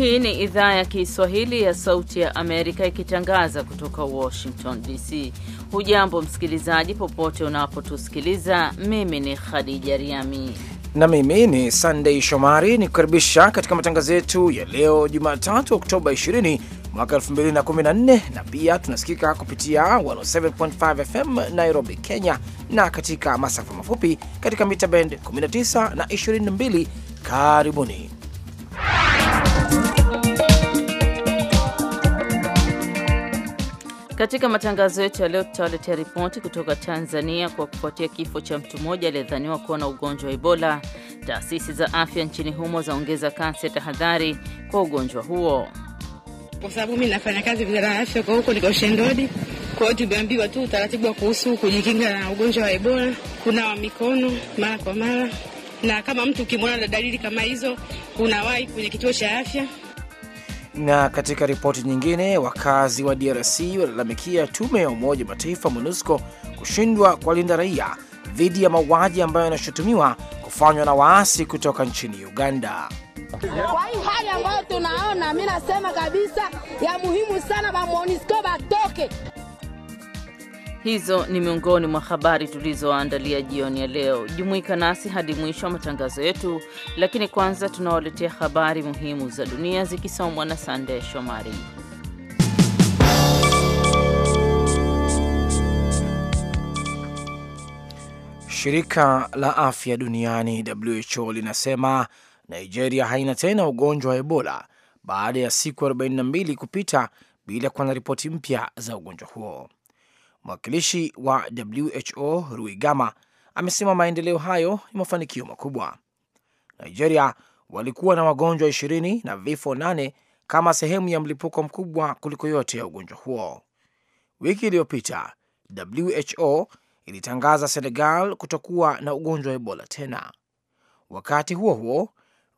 Hii ni idhaa ya Kiswahili ya Sauti ya Amerika ikitangaza kutoka Washington DC. Hujambo msikilizaji, popote unapotusikiliza. Mimi ni Khadija Riami na mimi ni Sandei Shomari, ni kukaribisha katika matangazo yetu ya leo Jumatatu, Oktoba 20 mwaka 2014, na pia tunasikika kupitia 107.5 FM Nairobi, Kenya, na katika masafa mafupi katika mita bend 19 na 22. Karibuni Katika matangazo yetu ya leo tutawaletea ripoti kutoka Tanzania kwa kufuatia kifo cha mtu mmoja aliyedhaniwa kuwa na ugonjwa wa Ebola. Taasisi za afya nchini humo zaongeza kasi ya tahadhari kwa ugonjwa huo. Kwa sababu mi nafanya kazi wizara ya afya kwa huko, niko Shendodi. Kwa hiyo tumeambiwa tu utaratibu wa kuhusu kujikinga na ugonjwa wa Ebola, kunawa mikono mara kwa mara, na kama mtu ukimwona na dalili kama hizo, unawahi kwenye kituo cha afya na katika ripoti nyingine, wakazi wa DRC walalamikia tume ya Umoja Mataifa MONUSCO kushindwa kuwalinda raia dhidi ya mauaji ambayo yanashutumiwa kufanywa na waasi kutoka nchini Uganda. Kwa hii hali ambayo tunaona, mi nasema kabisa ya muhimu sana ba MONUSCO batoke Hizo ni miongoni mwa habari tulizoandalia jioni ya leo. Jumuika nasi hadi mwisho wa matangazo yetu, lakini kwanza tunawaletea habari muhimu za dunia zikisomwa na Sande Shomari. Shirika la afya duniani WHO linasema Nigeria haina tena ugonjwa wa Ebola baada ya siku 42 kupita bila kuwa na ripoti mpya za ugonjwa huo. Mwakilishi wa WHO rui gama amesema maendeleo hayo ni mafanikio makubwa. Nigeria walikuwa na wagonjwa 20 na vifo 8 kama sehemu ya mlipuko mkubwa kuliko yote ya ugonjwa huo. Wiki iliyopita WHO ilitangaza Senegal kutokuwa na ugonjwa wa Ebola tena. Wakati huo huo,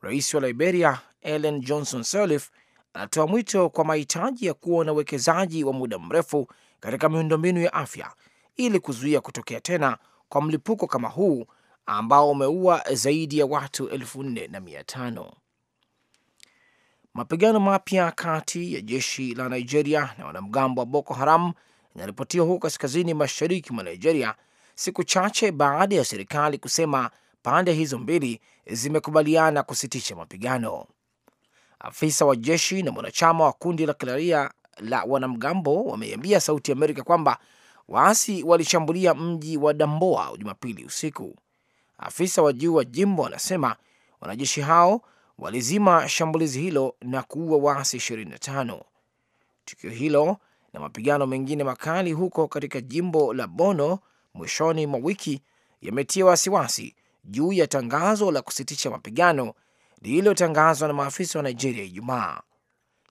rais wa Liberia Ellen Johnson Sirleaf anatoa mwito kwa mahitaji ya kuwa na uwekezaji wa muda mrefu katika miundombinu ya afya ili kuzuia kutokea tena kwa mlipuko kama huu ambao umeua zaidi ya watu elfu nne na mia tano. Mapigano mapya kati ya jeshi la Nigeria na wanamgambo wa Boko Haram inaripotiwa huko kaskazini mashariki mwa Nigeria, siku chache baada ya serikali kusema pande hizo mbili zimekubaliana kusitisha mapigano. Afisa wa jeshi na mwanachama wa kundi la kilaria la wanamgambo wameiambia Sauti ya Amerika kwamba waasi walishambulia mji wa Damboa Jumapili usiku. Afisa wa juu wa jimbo anasema wanajeshi hao walizima shambulizi hilo na kuua waasi 25. Tukio hilo na mapigano mengine makali huko katika jimbo la Bono mwishoni mwa wiki yametia wasiwasi juu ya tangazo la kusitisha mapigano lililotangazwa na maafisa wa Nigeria Ijumaa.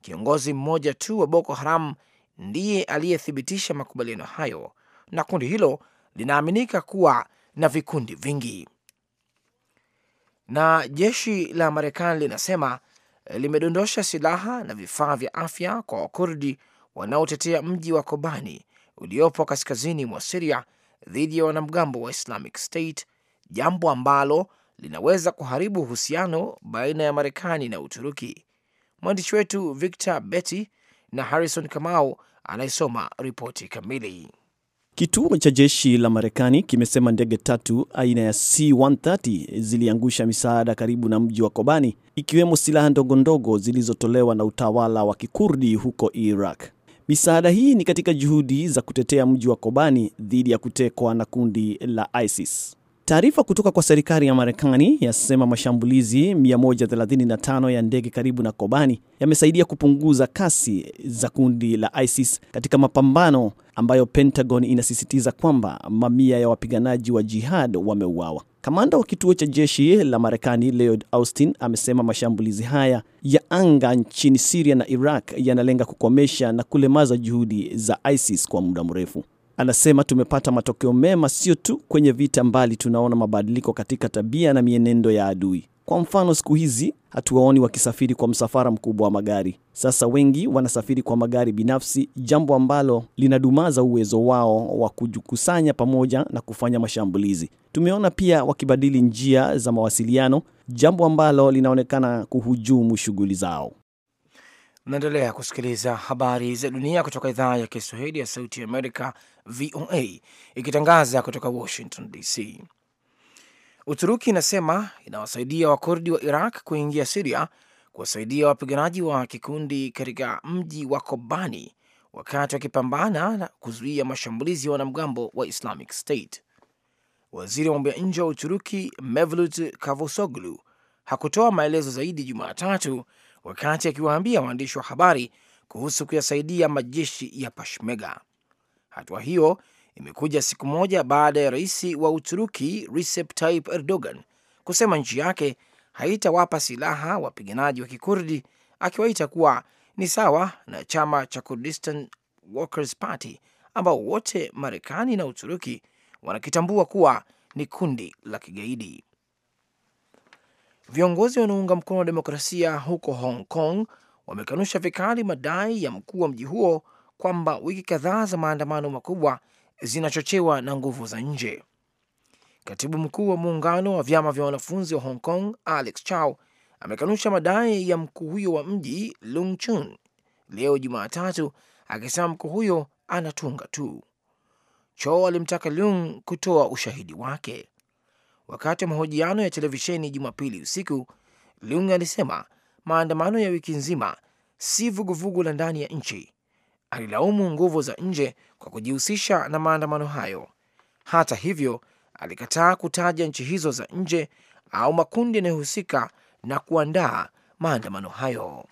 Kiongozi mmoja tu wa Boko Haram ndiye aliyethibitisha makubaliano hayo, na kundi hilo linaaminika kuwa na vikundi vingi. Na jeshi la Marekani linasema eh, limedondosha silaha na vifaa vya afya kwa Wakurdi wanaotetea mji wa Kobani uliopo kaskazini mwa Siria dhidi ya wanamgambo wa Islamic State, jambo ambalo linaweza kuharibu uhusiano baina ya Marekani na Uturuki Mwandishi wetu Victor Betty na Harrison Kamau anayesoma ripoti kamili. Kituo cha jeshi la Marekani kimesema ndege tatu aina ya C-130 ziliangusha misaada karibu na mji wa Kobani, ikiwemo silaha ndogondogo zilizotolewa na utawala wa kikurdi huko Iraq. Misaada hii ni katika juhudi za kutetea mji wa Kobani dhidi ya kutekwa na kundi la ISIS. Taarifa kutoka kwa serikali ya Marekani yasema mashambulizi 135 ya ndege karibu na Kobani yamesaidia kupunguza kasi za kundi la ISIS katika mapambano ambayo Pentagon inasisitiza kwamba mamia ya wapiganaji wa jihad wameuawa. Kamanda wa kituo cha jeshi la Marekani Lloyd Austin amesema mashambulizi haya ya anga nchini Siria na Iraq yanalenga kukomesha na kulemaza juhudi za ISIS kwa muda mrefu. Anasema tumepata matokeo mema, sio tu kwenye vita, mbali tunaona mabadiliko katika tabia na mienendo ya adui. Kwa mfano, siku hizi hatuwaoni wakisafiri kwa msafara mkubwa wa magari. Sasa wengi wanasafiri kwa magari binafsi, jambo ambalo linadumaza uwezo wao wa kujikusanya pamoja na kufanya mashambulizi. Tumeona pia wakibadili njia za mawasiliano, jambo ambalo linaonekana kuhujumu shughuli zao. Unaendelea kusikiliza habari za dunia kutoka idhaa ya Kiswahili ya Sauti ya Amerika, VOA, ikitangaza kutoka Washington DC. Uturuki inasema inawasaidia Wakurdi wa Iraq kuingia Siria kuwasaidia wapiganaji wa kikundi katika mji wa Kobani wakati wakipambana na kuzuia mashambulizi ya wanamgambo wa Islamic State. Waziri wa mambo ya nje wa Uturuki Mevlut Cavusoglu hakutoa maelezo zaidi Jumatatu wakati akiwaambia waandishi wa habari kuhusu kuyasaidia majeshi ya Peshmerga. Hatua hiyo imekuja siku moja baada ya rais wa Uturuki Recep Tayyip Erdogan kusema nchi yake haitawapa silaha wapiganaji wa Kikurdi, akiwaita kuwa ni sawa na chama cha Kurdistan Workers Party ambao wote Marekani na Uturuki wanakitambua kuwa ni kundi la kigaidi. Viongozi wanaounga mkono wa demokrasia huko Hong Kong wamekanusha vikali madai ya mkuu wa mji huo kwamba wiki kadhaa za maandamano makubwa zinachochewa na nguvu za nje. Katibu mkuu wa muungano wa vyama vya wanafunzi wa Hong Kong Alex Chow amekanusha madai ya mkuu huyo wa mji Lung Chun leo Jumatatu, akisema mkuu huyo anatunga tu. Chow alimtaka Lung kutoa ushahidi wake. Wakati wa mahojiano ya televisheni Jumapili usiku, lung alisema maandamano ya wiki nzima si vuguvugu la ndani ya nchi. Alilaumu nguvu za nje kwa kujihusisha na maandamano hayo. Hata hivyo, alikataa kutaja nchi hizo za nje au makundi yanayohusika na kuandaa maandamano hayo.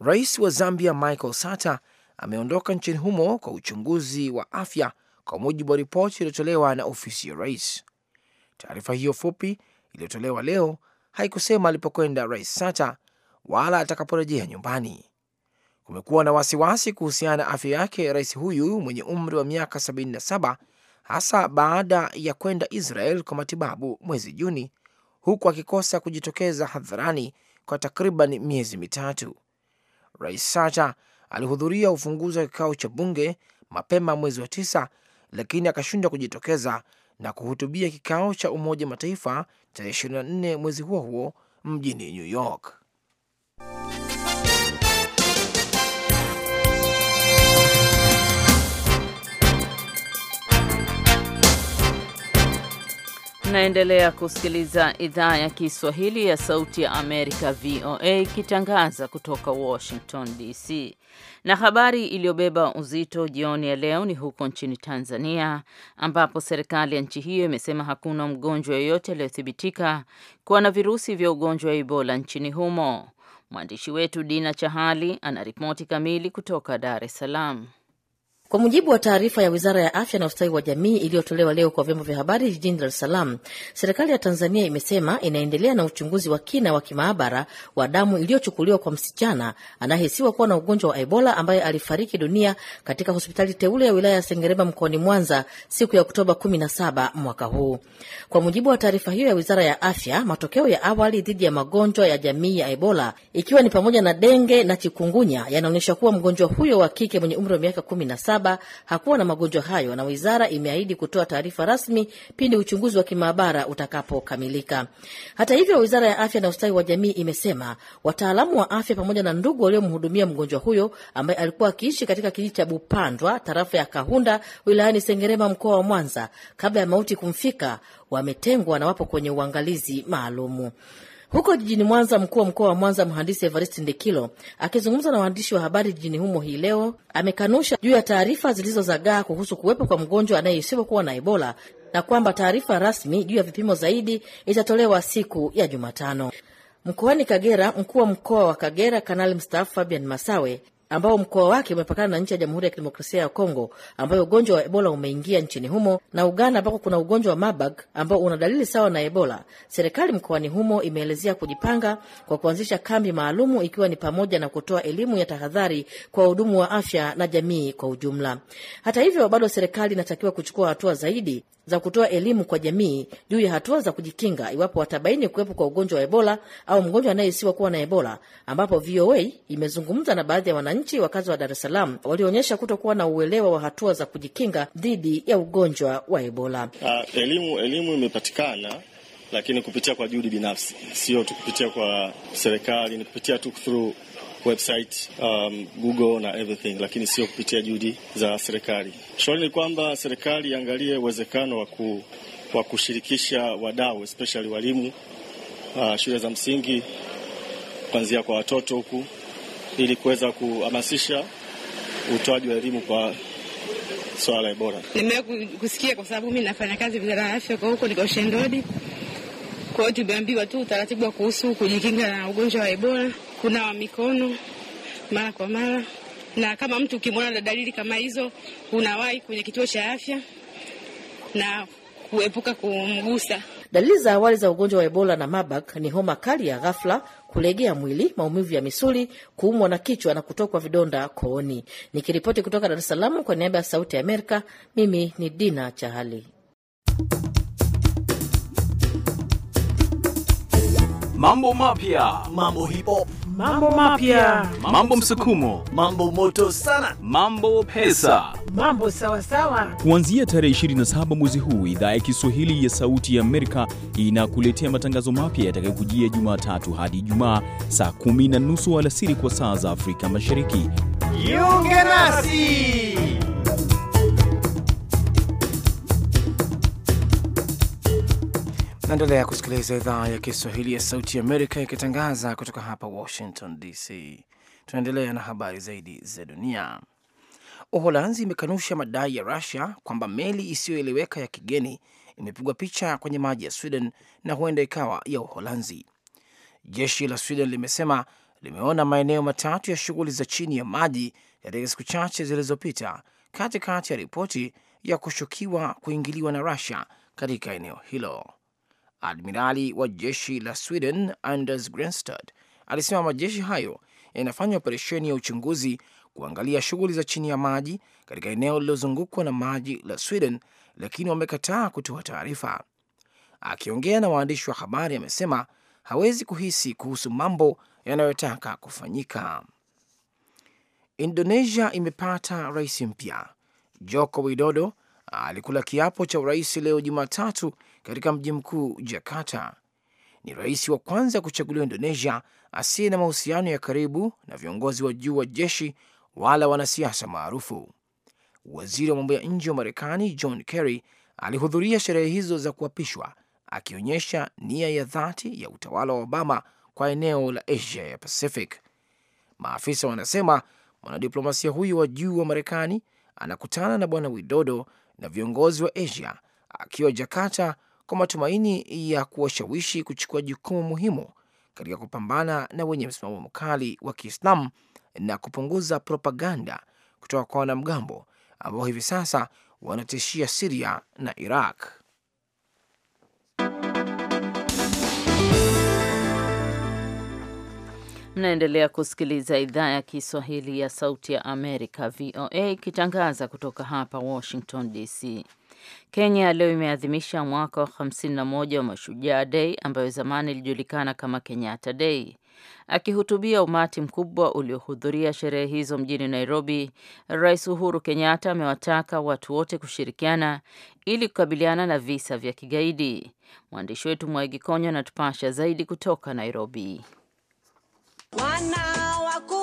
Rais wa Zambia Michael Sata ameondoka nchini humo kwa uchunguzi wa afya kwa mujibu wa ripoti iliyotolewa na ofisi ya rais. Taarifa hiyo fupi iliyotolewa leo haikusema alipokwenda Rais Sata wala atakaporejea nyumbani. Kumekuwa na wasiwasi kuhusiana na afya yake rais huyu mwenye umri wa miaka 77 hasa baada ya kwenda Israel kwa matibabu mwezi Juni, huku akikosa kujitokeza hadharani kwa takriban miezi mitatu. Rais Sata alihudhuria ufunguzi wa kikao cha bunge mapema mwezi wa tisa lakini akashindwa kujitokeza na kuhutubia kikao cha Umoja wa Mataifa tarehe 24 mwezi huo huo mjini New York. Naendelea kusikiliza idhaa ya Kiswahili ya Sauti ya Amerika, VOA, ikitangaza kutoka Washington DC. Na habari iliyobeba uzito jioni ya leo ni huko nchini Tanzania ambapo serikali ya nchi hiyo imesema hakuna mgonjwa yeyote aliyothibitika kuwa na virusi vya ugonjwa wa Ebola nchini humo. Mwandishi wetu Dina Chahali ana ripoti kamili kutoka Dar es Salaam. Kwa mujibu wa taarifa ya Wizara ya Afya na Ustawi wa Jamii iliyotolewa leo kwa vyombo vya habari jijini Dar es Salaam, serikali ya Tanzania imesema inaendelea na uchunguzi wa kina wa kimaabara wa damu iliyochukuliwa kwa msichana anayehisiwa kuwa na ugonjwa wa Ebola ambaye alifariki dunia katika hospitali teule ya wilaya ya Sengerema mkoani Mwanza siku ya Oktoba 17 mwaka huu. Kwa mujibu wa taarifa hiyo ya Wizara ya Afya, matokeo ya awali dhidi ya magonjwa ya jamii ya Ebola ikiwa ni pamoja na denge na chikungunya yanaonyesha kuwa mgonjwa huyo wa kike mwenye umri wa miaka maabara hakuwa na magonjwa hayo, na wizara imeahidi kutoa taarifa rasmi pindi uchunguzi wa kimaabara utakapokamilika. Hata hivyo, wizara ya afya na ustawi wa jamii imesema wataalamu wa afya pamoja na ndugu waliomhudumia mgonjwa huyo ambaye alikuwa akiishi katika kijiji cha Bupandwa, tarafa ya Kahunda, wilayani Sengerema, mkoa wa Mwanza, kabla ya mauti kumfika, wametengwa na wapo kwenye uangalizi maalumu. Huko jijini Mwanza, mkuu wa mkoa wa Mwanza mhandisi Evarist Ndekilo akizungumza na waandishi wa habari jijini humo hii leo amekanusha juu ya taarifa zilizozagaa kuhusu kuwepo kwa mgonjwa anayehisiwa kuwa na Ebola na kwamba taarifa rasmi juu ya vipimo zaidi itatolewa siku ya Jumatano. Mkoani Kagera, mkuu wa mkoa wa Kagera kanali mstaafu Fabian Masawe ambao mkoa wake umepakana na nchi ya Jamhuri ya Kidemokrasia ya Kongo ambayo ugonjwa wa Ebola umeingia nchini humo na Uganda ambako kuna ugonjwa wa Marburg ambao una dalili sawa na Ebola. Serikali mkoani humo imeelezea kujipanga kwa kuanzisha kambi maalumu ikiwa ni pamoja na kutoa elimu ya tahadhari kwa wahudumu wa afya na jamii kwa ujumla. Hata hivyo, bado serikali inatakiwa kuchukua hatua zaidi za kutoa elimu kwa jamii juu ya hatua za kujikinga iwapo watabaini kuwepo kwa ugonjwa wa Ebola au mgonjwa anayehisiwa kuwa na Ebola, ambapo VOA imezungumza na baadhi ya wananchi wakazi wa Dar es Salaam kuto kutokuwa na uelewa wa hatua za kujikinga dhidi ya ugonjwa wa Ebola. Uh, elimu elimu imepatikana lakini kupitia kwa juhudi binafsi, sio tu kupitia kwa serikali, ni kupitia tu through website, um, Google na everything, lakini sio kupitia juhudi za serikali. Shauri ni kwamba serikali iangalie uwezekano wa ku wa kushirikisha wadau especially walimu uh, shule za msingi kuanzia kwa watoto huku ili kuweza kuhamasisha utoaji wa elimu kwa swala bora. Nimewahi kusikia kwa sababu mimi nafanya kazi wizara ya afya kwa huko niko Shendodi. Kwa hiyo tumeambiwa tu utaratibu wa kuhusu kujikinga na ugonjwa wa Ebola kunawa mikono mara kwa mara, na kama mtu ukimwona na dalili kama hizo, unawahi kwenye kituo cha afya na kuepuka kumgusa. Dalili za awali za ugonjwa wa Ebola na Marburg ni homa kali ya ghafla, kulegea mwili, maumivu ya misuli, kuumwa na kichwa na kutokwa vidonda kooni. Nikiripoti kutoka Dar es Salaam kwa niaba ya Sauti ya Amerika, mimi ni Dina Chahali. mambo mapya, mambo hipo, mambo mapya, mambo msukumo, mambo moto sana, mambo pesa, mambo sawa sawa. Kuanzia tarehe 27 mwezi huu, idhaa ya Kiswahili ya Sauti ya Amerika inakuletea matangazo mapya yatakayokujia Jumatatu hadi Ijumaa saa kumi na nusu alasiri kwa saa za Afrika Mashariki. Jiunge nasi. Naendelea kusikiliza idhaa ya Kiswahili ya Sauti Amerika ikitangaza kutoka hapa Washington DC. Tunaendelea na habari zaidi za dunia. Uholanzi imekanusha madai ya Rusia kwamba meli isiyoeleweka ya kigeni imepigwa picha kwenye maji ya Sweden na huenda ikawa ya Uholanzi. Jeshi la Sweden limesema limeona maeneo matatu ya shughuli za chini ya maji katika siku chache zilizopita, katikati ya ripoti ya kushukiwa kuingiliwa na Rusia katika eneo hilo. Admirali wa jeshi la Sweden Anders Grenstad alisema majeshi hayo yanafanya operesheni ya uchunguzi kuangalia shughuli za chini ya maji katika eneo lililozungukwa na maji la Sweden, lakini wamekataa kutoa taarifa. Akiongea na waandishi wa habari, amesema hawezi kuhisi kuhusu mambo yanayotaka kufanyika. Indonesia imepata rais mpya. Joko Widodo alikula kiapo cha urais leo Jumatatu katika mji mkuu Jakarta. Ni rais wa kwanza kuchaguliwa Indonesia asiye na mahusiano ya karibu na viongozi wa juu wa jeshi wala wanasiasa maarufu. Waziri wa mambo ya nje wa Marekani John Kerry alihudhuria sherehe hizo za kuapishwa, akionyesha nia ya dhati ya utawala wa Obama kwa eneo la Asia ya Pacific. Maafisa wanasema mwanadiplomasia huyu wa juu wa Marekani anakutana na Bwana Widodo na viongozi wa Asia akiwa Jakarta kwa matumaini ya kuwashawishi kuchukua jukumu muhimu katika kupambana na wenye msimamo mkali wa Kiislamu na kupunguza propaganda kutoka kwa wanamgambo ambao hivi sasa wanatishia Siria na Iraq. Mnaendelea kusikiliza idhaa ya Kiswahili ya Sauti ya Amerika, VOA, ikitangaza kutoka hapa Washington DC. Kenya leo imeadhimisha mwaka wa 51 wa Mashujaa Day ambayo zamani ilijulikana kama Kenyatta Day. Akihutubia umati mkubwa uliohudhuria sherehe hizo mjini Nairobi, Rais Uhuru Kenyatta amewataka watu wote kushirikiana ili kukabiliana na visa vya kigaidi. Mwandishi wetu Mwaigi Konyo anatupasha zaidi kutoka Nairobi. Wana waku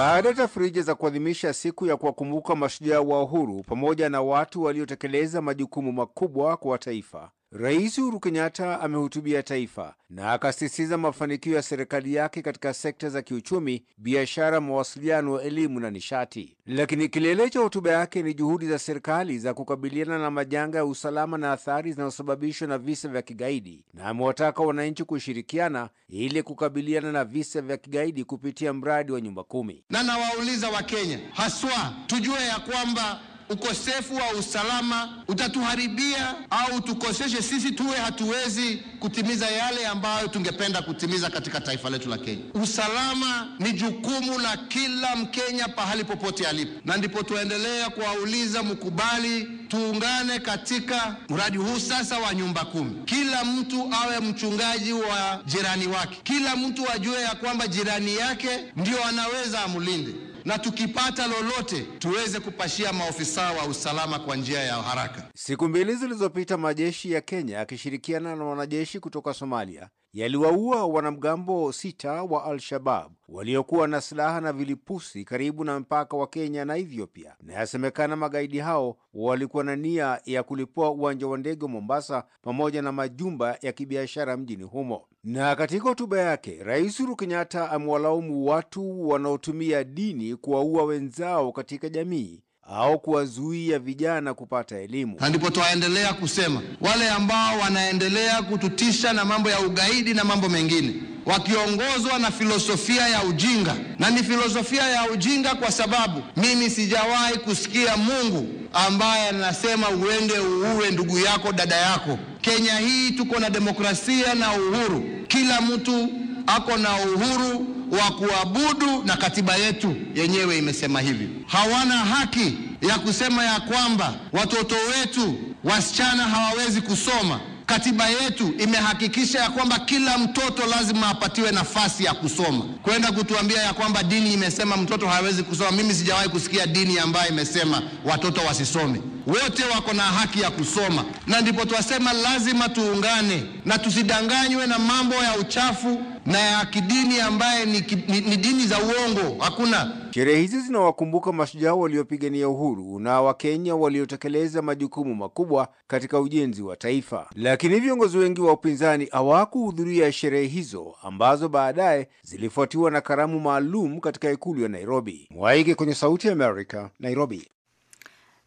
Baada ya tafrija za kuadhimisha siku ya kuwakumbuka mashujaa wa uhuru pamoja na watu waliotekeleza majukumu makubwa kwa taifa, Rais Uhuru Kenyatta amehutubia taifa na akasisitiza mafanikio ya serikali yake katika sekta za kiuchumi, biashara, mawasiliano, elimu na nishati. Lakini kilele cha hotuba yake ni juhudi za serikali za kukabiliana na majanga ya usalama na athari zinazosababishwa na visa vya kigaidi, na amewataka wananchi kushirikiana ili kukabiliana na visa vya kigaidi kupitia mradi wa nyumba kumi. Na nawauliza Wakenya haswa, tujue ya kwamba ukosefu wa usalama utatuharibia au tukoseshe sisi tuwe hatuwezi kutimiza yale ambayo tungependa kutimiza katika taifa letu la Kenya. Usalama ni jukumu la kila Mkenya pahali popote alipo, na ndipo tuendelea kuwauliza mkubali, tuungane katika mradi huu sasa wa nyumba kumi. Kila mtu awe mchungaji wa jirani wake, kila mtu ajue ya kwamba jirani yake ndio anaweza amlinde na tukipata lolote tuweze kupashia maofisa wa usalama kwa njia ya haraka. Siku mbili zilizopita, majeshi ya Kenya yakishirikiana na wanajeshi kutoka Somalia yaliwaua wanamgambo sita wa Al-Shabab waliokuwa na silaha na vilipusi karibu na mpaka wa Kenya na Ethiopia, na yasemekana magaidi hao walikuwa na nia ya kulipua uwanja wa ndege wa Mombasa pamoja na majumba ya kibiashara mjini humo. Na katika hotuba yake, Rais Uhuru Kenyatta amewalaumu watu wanaotumia dini kuwaua wenzao katika jamii au kuwazuia vijana kupata elimu. Na ndipo twaendelea kusema wale ambao wanaendelea kututisha na mambo ya ugaidi na mambo mengine, wakiongozwa na filosofia ya ujinga, na ni filosofia ya ujinga kwa sababu mimi sijawahi kusikia Mungu ambaye anasema uende uue ndugu yako, dada yako. Kenya hii tuko na demokrasia na uhuru, kila mtu ako na uhuru wa kuabudu, na katiba yetu yenyewe imesema hivi. Hawana haki ya kusema ya kwamba watoto wetu wasichana hawawezi kusoma. Katiba yetu imehakikisha ya kwamba kila mtoto lazima apatiwe nafasi ya kusoma. Kwenda kutuambia ya kwamba dini imesema mtoto hawezi kusoma, mimi sijawahi kusikia dini ambayo imesema watoto wasisome wote wako na haki ya kusoma, na ndipo twasema lazima tuungane na tusidanganywe na mambo ya uchafu na ya kidini ambaye ni, ni, ni dini za uongo. Hakuna sherehe hizi zinawakumbuka mashujaa waliopigania uhuru na Wakenya waliotekeleza majukumu makubwa katika ujenzi wa taifa, lakini viongozi wengi wa upinzani hawakuhudhuria sherehe hizo ambazo baadaye zilifuatiwa na karamu maalum katika ikulu ya Nairobi. Mwaige kwenye Sauti ya Amerika, Nairobi.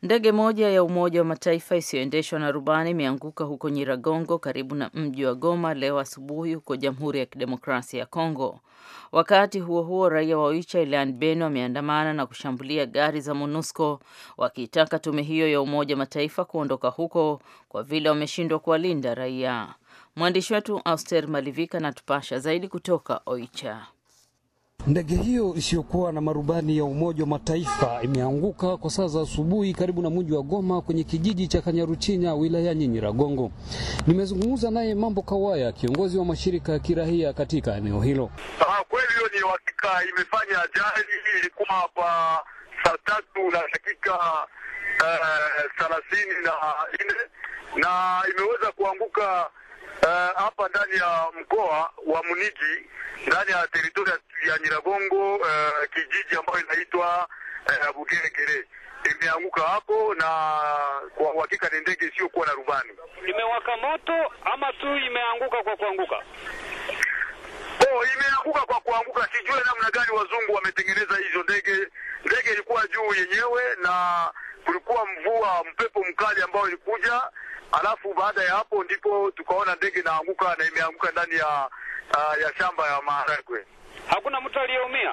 Ndege moja ya Umoja wa Mataifa isiyoendeshwa na rubani imeanguka huko Nyiragongo karibu na mji wa Goma leo asubuhi huko Jamhuri ya Kidemokrasia ya Kongo. Wakati huo huo, raia wa Oicha Ilan Beno wameandamana na kushambulia gari za MONUSCO wakiitaka tume hiyo ya Umoja wa Mataifa kuondoka huko kwa vile wameshindwa kuwalinda raia. Mwandishi wetu Auster Malivika anatupasha zaidi kutoka Oicha. Ndege hiyo isiyokuwa na marubani ya Umoja wa Mataifa imeanguka kwa saa za asubuhi karibu na mji wa Goma kwenye kijiji cha Kanyaruchinya wilayani Nyiragongo. Nimezungumza naye Mambo Kawaya, kiongozi wa mashirika ya kirahia katika eneo hilo. Ah, kweli hiyo ni hakika imefanya ajali, ilikuwa hapa saa tatu na dakika eh, thelathini na nne na imeweza kuanguka Eh, hapa uh, ndani ya mkoa wa Muniji ndani ya teritori ya Nyiragongo uh, kijiji ambayo inaitwa uh, Bugeregere imeanguka hapo, na kwa uhakika ni ndege isiyokuwa na rubani. Imewaka moto ama tu imeanguka kwa kuanguka? Oh, imeanguka kwa kuanguka. Sijue namna gani wazungu wametengeneza hizo ndege. Ndege ilikuwa juu yenyewe, na kulikuwa mvua, mpepo mkali ambao ilikuja alafu baada ya hapo ndipo tukaona ndege inaanguka na imeanguka ndani ya uh, ya shamba ya maharagwe. Hakuna mtu aliyeumia,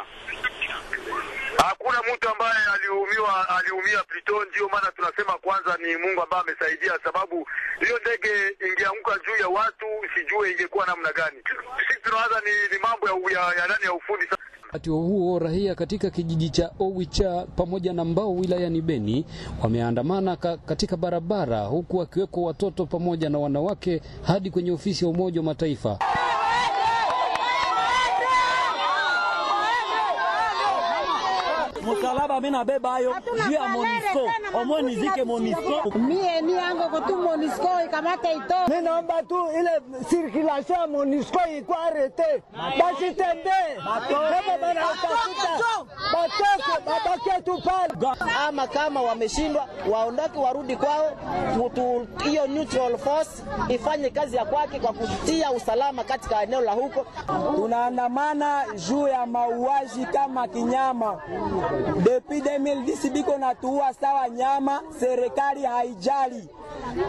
hakuna mtu ambaye aliumiwa, aliumia Plito. ndio maana tunasema kwanza ni Mungu ambaye amesaidia, sababu hiyo ndege ingeanguka juu ya watu, sijue ingekuwa namna gani. Sisi tunawaza ni, ni mambo ya, ya, ya ndani ya ufundi. Wakati huo raia katika kijiji cha Owicha pamoja na Mbao wilayani Beni wameandamana ka, katika barabara huku wakiweko watoto pamoja na wanawake hadi kwenye ofisi ya Umoja wa Mataifa. msalaba minabeba hayo juu ya Monisco, omwe nizike Monisco. Mie ni yango kutu Monisco ikamata ito. Mimi naomba tu ile circulation ya Monisco iko arete, basi tembe kama banatafuta batoke, babakie tu pale, ama kama wameshindwa waondoke, warudi kwao. Hiyo neutral force ifanye kazi ya kwake kwa kutia usalama katika eneo la huko. Tunaandamana juu ya mauaji kama kinyama Depuis 2010 biko natuua sawa nyama, serikali haijali.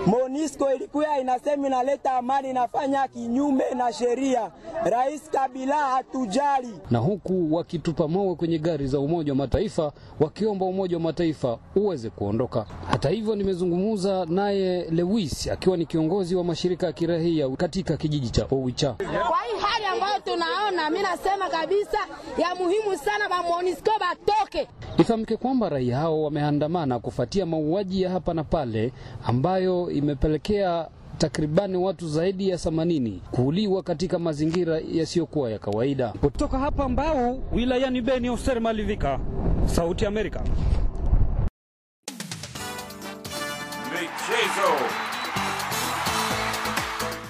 Monisco ilikuwa inasema inaleta amani, inafanya kinyume na sheria. Rais Kabila hatujali. Na huku wakitupa mawe kwenye gari za Umoja wa Mataifa wakiomba Umoja wa Mataifa uweze kuondoka. Hata hivyo, nimezungumza naye Lewis akiwa ni kiongozi wa mashirika ya kirahia katika kijiji cha Owicha hali ambayo tunaona, mimi nasema kabisa ya muhimu sana ba MONUSCO batoke. Ifahamike kwamba raia hao wameandamana kufuatia mauaji ya hapa na pale ambayo imepelekea takribani watu zaidi ya 80 kuuliwa katika mazingira yasiyokuwa ya kawaida. Kutoka hapa Mbau, wilayani Beni, Oser Malivika, Sauti Amerika. Michezo.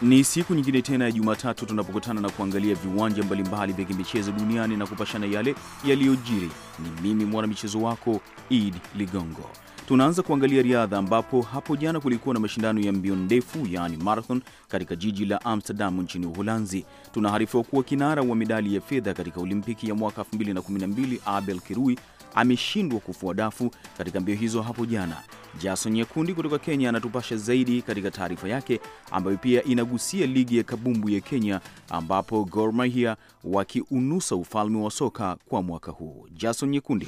Ni siku nyingine tena ya Jumatatu tunapokutana na kuangalia viwanja mbalimbali vya kimichezo duniani na kupashana yale yaliyojiri. Ni mimi mwanamichezo wako Id Ligongo. Tunaanza kuangalia riadha ambapo hapo jana kulikuwa na mashindano ya mbio ndefu yaani marathon katika jiji la Amsterdam nchini Uholanzi. Tunaarifiwa kuwa kinara wa medali ya fedha katika Olimpiki ya mwaka 2012 Abel Kirui ameshindwa kufua dafu katika mbio hizo hapo jana. Jason Nyekundi kutoka Kenya anatupasha zaidi katika taarifa yake ambayo pia inagusia ligi ya kabumbu ya Kenya ambapo Gor Mahia wakiunusa ufalme wa soka kwa mwaka huu. Jason Nyekundi.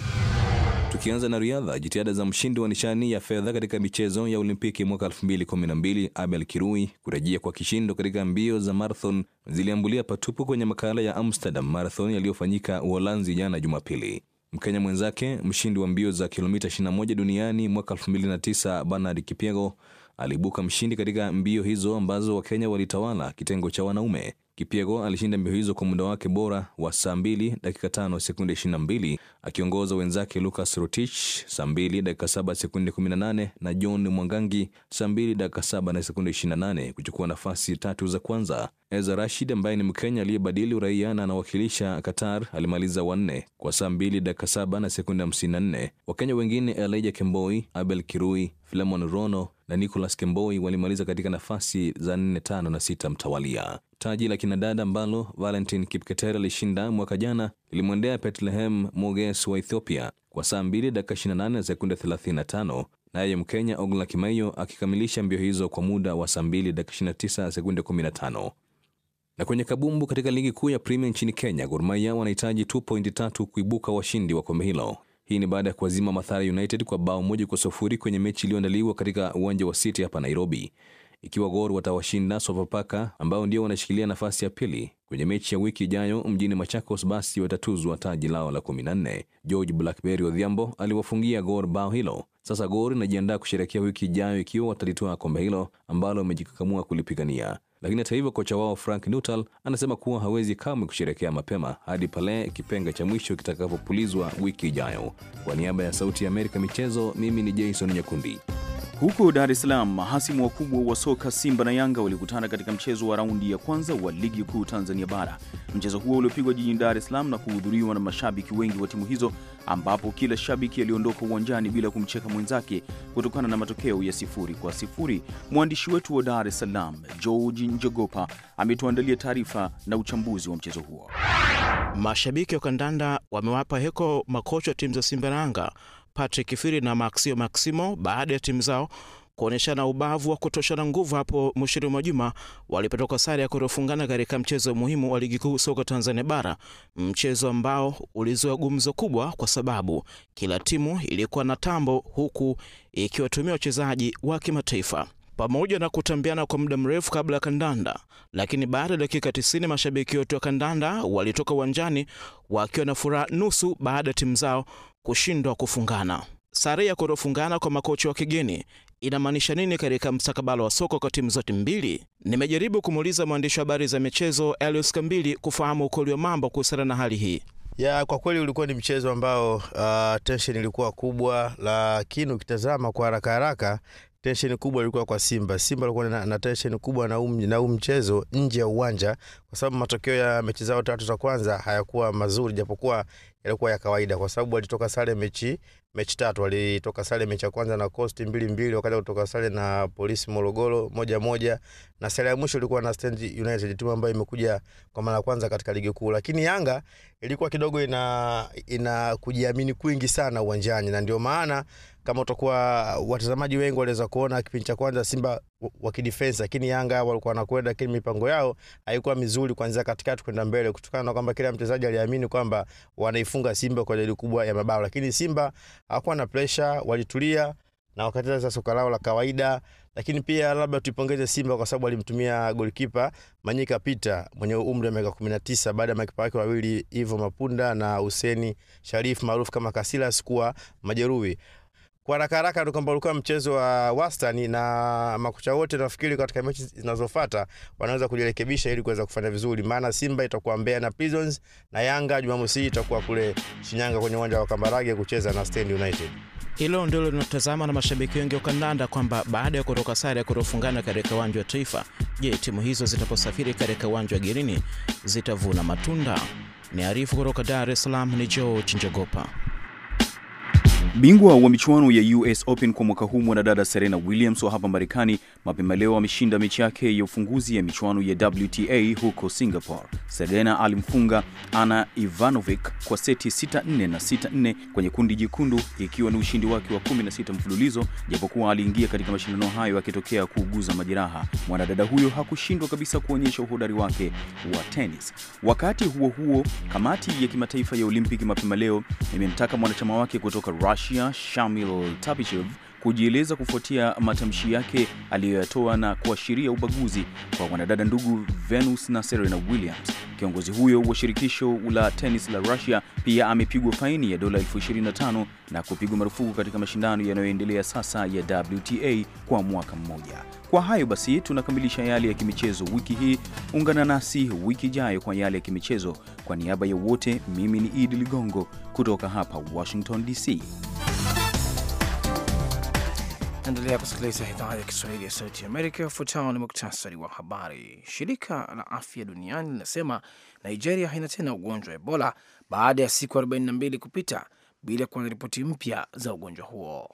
Tukianza na riadha, jitihada za mshindi wa nishani ya fedha katika michezo ya Olimpiki mwaka 2012 Abel Kirui kurejea kwa kishindo katika mbio za marathon ziliambulia patupu kwenye makala ya Amsterdam Marathon yaliyofanyika Uholanzi jana Jumapili. Mkenya mwenzake mshindi wa mbio za kilomita 21 duniani mwaka 2009 Bernard Kipyego aliibuka mshindi katika mbio hizo ambazo Wakenya walitawala kitengo cha wanaume. Kipiego alishinda mbio hizo kwa muda wake bora wa saa 2 dakika 5 sekunde 22 akiongoza wenzake Lucas Rotich saa 2 dakika 7 sekunde 18 na John Mwangangi saa 2 dakika 7 na sekunde 28 kuchukua nafasi tatu za kwanza. Eza Rashid ambaye ni Mkenya aliyebadili uraia na anawakilisha Qatar alimaliza wanne kwa saa 2 dakika 7 na sekunde 54. Wakenya wengine Elijah Kemboi, Abel Kirui filemon Rono na Nicholas Kemboi walimaliza katika nafasi za 4, tano na sita mtawalia. Taji la kinadada ambalo Valentin Kipketer alishinda mwaka jana lilimwendea Bethlehem Moges wa Ethiopia kwa saa 2 dakika 28 sekunde 35, naye Mkenya Ogla Kimaiyo akikamilisha mbio hizo kwa muda wa saa 2 dakika 29 sekunde 15. Na kwenye kabumbu katika ligi kuu ya Premier nchini Kenya, Gor Mahia wanahitaji 2.3 kuibuka washindi wa kombe hilo. Hii ni baada ya kuwazima Mathare United kwa bao moja kwa sufuri kwenye mechi iliyoandaliwa katika uwanja wa City hapa Nairobi. Ikiwa Gor watawashinda Sofapaka ambao ndio wanashikilia nafasi ya pili kwenye mechi ya wiki ijayo mjini Machakos, basi watatuzwa taji lao la 14. George Blackberry Odhiambo aliwafungia Gor bao hilo. Sasa Gor inajiandaa kusherehekea wiki ijayo ikiwa watalitoa kombe hilo ambalo wamejikakamua kulipigania. Lakini hata hivyo, kocha wao Frank nutal anasema kuwa hawezi kamwe kusherekea mapema hadi pale kipenga cha mwisho kitakapopulizwa wiki ijayo. Kwa niaba ya Sauti ya Amerika michezo, mimi ni Jason Nyakundi. Huko Dar es Salaam, mahasimu wakubwa wa soka Simba na Yanga walikutana katika mchezo wa raundi ya kwanza wa ligi kuu Tanzania Bara. Mchezo huo uliopigwa jijini Dar es Salaam na kuhudhuriwa na mashabiki wengi wa timu hizo, ambapo kila shabiki aliondoka uwanjani bila kumcheka mwenzake kutokana na matokeo ya sifuri kwa sifuri. Mwandishi wetu wa Dar es Salaam, George Njogopa, ametuandalia taarifa na uchambuzi wa mchezo huo. Mashabiki wa kandanda wamewapa heko makocha wa timu za Simba na Yanga Patrick Firi na Maxio Maximo baada ya timu zao kuonyeshana ubavu wa kutoshana nguvu hapo mwishoni mwa juma walipotoka sare ya kutofungana katika mchezo muhimu wa ligi kuu soka Tanzania bara, mchezo ambao ulizua gumzo kubwa kwa sababu kila timu ilikuwa na tambo huku ikiwatumia wachezaji wa kimataifa pamoja na kutambiana kwa muda mrefu kabla ya kandanda. Lakini baada ya dakika 90 mashabiki wote wa kandanda walitoka uwanjani wakiwa na furaha nusu baada ya timu zao kushindwa kufungana. Sare ya kutofungana kwa makocha wa kigeni inamaanisha nini katika mstakabala wa soka kwa timu zote mbili? Nimejaribu kumuuliza mwandishi wa habari za michezo Elios Kambili kufahamu ukweli wa mambo kuhusiana na hali hii. Ya, kwa kweli ulikuwa ni mchezo ambao uh, tension ilikuwa kubwa, lakini ukitazama kwa haraka haraka tensheni kubwa ilikuwa kwa Simba. Simba alikuwa na, na tensheni kubwa na um, mchezo nje ya uwanja, kwa sababu matokeo ya mechi zao tatu za kwanza hayakuwa mazuri, japokuwa yalikuwa ya kawaida, kwa sababu walitoka sare mechi mechi tatu. Walitoka sare mechi ya kwanza na Coast mbili mbili, wakaja kutoka sare na Polisi Morogoro moja moja, na sare ya mwisho ilikuwa na Stand United, timu ambayo imekuja kwa mara ya kwanza katika ligi kuu. Lakini Yanga ilikuwa kidogo ina, ina kujiamini kwingi sana uwanjani, na ndio maana kama utakuwa watazamaji wengi waliweza kuona kipindi cha kwanza Simba wakidefense, lakini Yanga walikuwa wanakwenda, lakini mipango yao haikuwa mizuri kuanzia katikati kwenda mbele, kutokana na kwamba kila mchezaji aliamini kwamba wanaifunga Simba kwa idadi kubwa ya mabao, lakini Simba hawakuwa na presha, walitulia na wakacheza soka lao la kawaida, lakini pia labda tuipongeze Simba kwa sababu alimtumia golikipa Manyika pita mwenye umri wa miaka tisa baada ya makipa wake wawili Ivo Mapunda na Huseni Sharif maarufu kama Kasilas kuwa majeruhi kwa haraka haraka ni kwamba ulikuwa mchezo wa wastani, na makocha wote nafikiri katika mechi zinazofuata wanaweza kujirekebisha ili kuweza kufanya vizuri, maana Simba itakuwa Mbeya na Prisons na Yanga Jumamosi hii itakuwa kule Shinyanga kwenye uwanja wa Kambarage kucheza na Stand United. Hilo ndilo linatazama na mashabiki wengi wa kandanda kwamba baada ya kutoka sare ya kutofungana katika uwanja wa Taifa, je, timu hizo zitaposafiri katika uwanja wa Girini zitavuna matunda? Ni arifu kutoka Dar es Salaam ni George Njogopa. Bingwa wa michuano ya US Open kwa mwaka huu mwanadada Serena Williams wa hapa Marekani mapema leo ameshinda mechi yake ya ufunguzi ya michuano ya WTA huko Singapore. Serena alimfunga Ana Ivanovic kwa seti 6-4 na 6-4 kwenye kundi jekundu, ikiwa ni ushindi wake wa 16 mfululizo, japokuwa aliingia katika mashindano hayo akitokea kuuguza majeraha. Mwanadada huyo hakushindwa kabisa kuonyesha uhodari wake wa tenis. Wakati huo huo, kamati ya kimataifa ya Olimpiki mapema leo imemtaka mwanachama wake kutoka Russia Asia Shamil Tapichev kujieleza kufuatia matamshi yake aliyoyatoa na kuashiria ubaguzi kwa wanadada ndugu Venus na Serena Williams. Kiongozi huyo wa shirikisho la tenis la Russia pia amepigwa faini ya dola elfu na na kupigwa marufuku katika mashindano yanayoendelea sasa ya WTA kwa mwaka mmoja. Kwa hayo basi, tunakamilisha yale ya kimichezo wiki hii. Ungana nasi wiki ijayo kwa yale ya kimichezo. Kwa niaba ya wote, mimi ni Idi Ligongo kutoka hapa Washington DC. Naendelea kusikiliza idhaa ya Kiswahili ya Sauti Amerika. Ufuatao ni muktasari wa habari. Shirika la Afya Duniani linasema Nigeria haina tena ugonjwa wa Ebola baada ya siku 42 kupita bila kuwa na ripoti mpya za ugonjwa huo.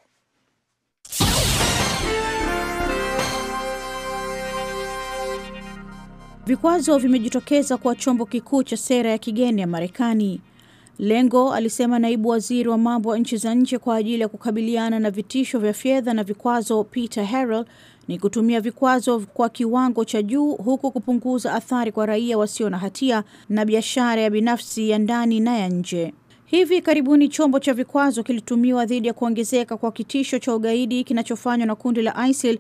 Vikwazo vimejitokeza kuwa chombo kikuu cha sera ya kigeni ya Marekani Lengo, alisema naibu waziri wa mambo ya nchi za nje kwa ajili ya kukabiliana na vitisho vya fedha na vikwazo Peter Harrell, ni kutumia vikwazo kwa kiwango cha juu huku kupunguza athari kwa raia wasio na hatia na biashara ya binafsi ya ndani na ya nje. Hivi karibuni chombo cha vikwazo kilitumiwa dhidi ya kuongezeka kwa kitisho cha ugaidi kinachofanywa na kundi la ISIL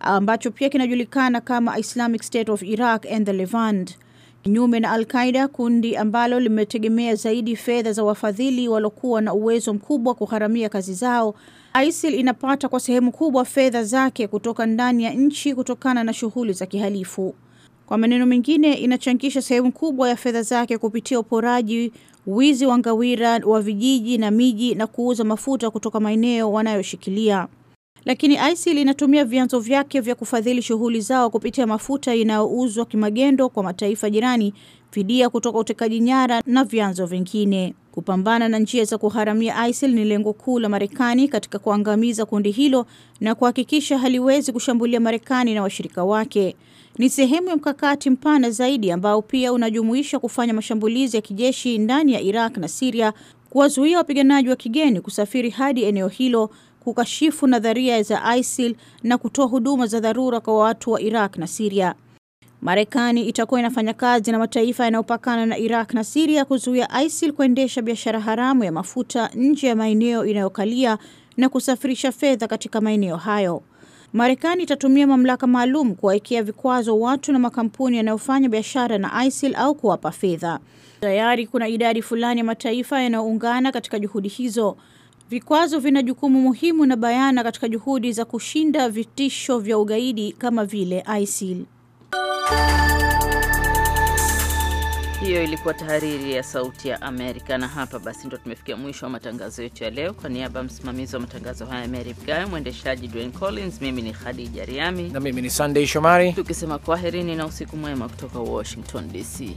ambacho pia kinajulikana kama Islamic State of Iraq and the Levant. Kinyume na Al-Qaida, kundi ambalo limetegemea zaidi fedha za wafadhili waliokuwa na uwezo mkubwa kugharamia kazi zao, ISIL inapata kwa sehemu kubwa fedha zake kutoka ndani ya nchi kutokana na shughuli za kihalifu. Kwa maneno mengine, inachangisha sehemu kubwa ya fedha zake kupitia uporaji, wizi wa ngawira wa vijiji na miji na kuuza mafuta kutoka maeneo wanayoshikilia. Lakini ISIL inatumia vyanzo vyake vya kufadhili shughuli zao kupitia mafuta inayouzwa kimagendo kwa mataifa jirani, fidia kutoka utekaji nyara na vyanzo vingine. Kupambana na njia za kuharamia ISIL ni lengo kuu la Marekani katika kuangamiza kundi hilo na kuhakikisha haliwezi kushambulia Marekani na washirika wake. Ni sehemu ya mkakati mpana zaidi ambao pia unajumuisha kufanya mashambulizi ya kijeshi ndani ya Iraq na Siria, kuwazuia wapiganaji wa kigeni kusafiri hadi eneo hilo kukashifu nadharia za ISIL na kutoa huduma za dharura kwa watu wa Iraq na Siria. Marekani itakuwa inafanya kazi na mataifa yanayopakana na Iraq na Siria kuzuia ISIL kuendesha biashara haramu ya mafuta nje ya maeneo inayokalia na kusafirisha fedha katika maeneo hayo. Marekani itatumia mamlaka maalum kuwawekea vikwazo watu na makampuni yanayofanya biashara na ISIL au kuwapa fedha. Tayari kuna idadi fulani ya mataifa yanayoungana katika juhudi hizo. Vikwazo vina jukumu muhimu na bayana katika juhudi za kushinda vitisho vya ugaidi kama vile ISIL. Hiyo ilikuwa tahariri ya Sauti ya Amerika, na hapa basi ndo tumefikia mwisho wa matangazo yetu ya leo. Kwa niaba ya msimamizi wa matangazo haya Mary Mgawe, mwendeshaji Dwayne Collins, mimi ni Khadija Riami na mimi ni Sunday Shomari, tukisema kwaherini na usiku mwema kutoka Washington DC.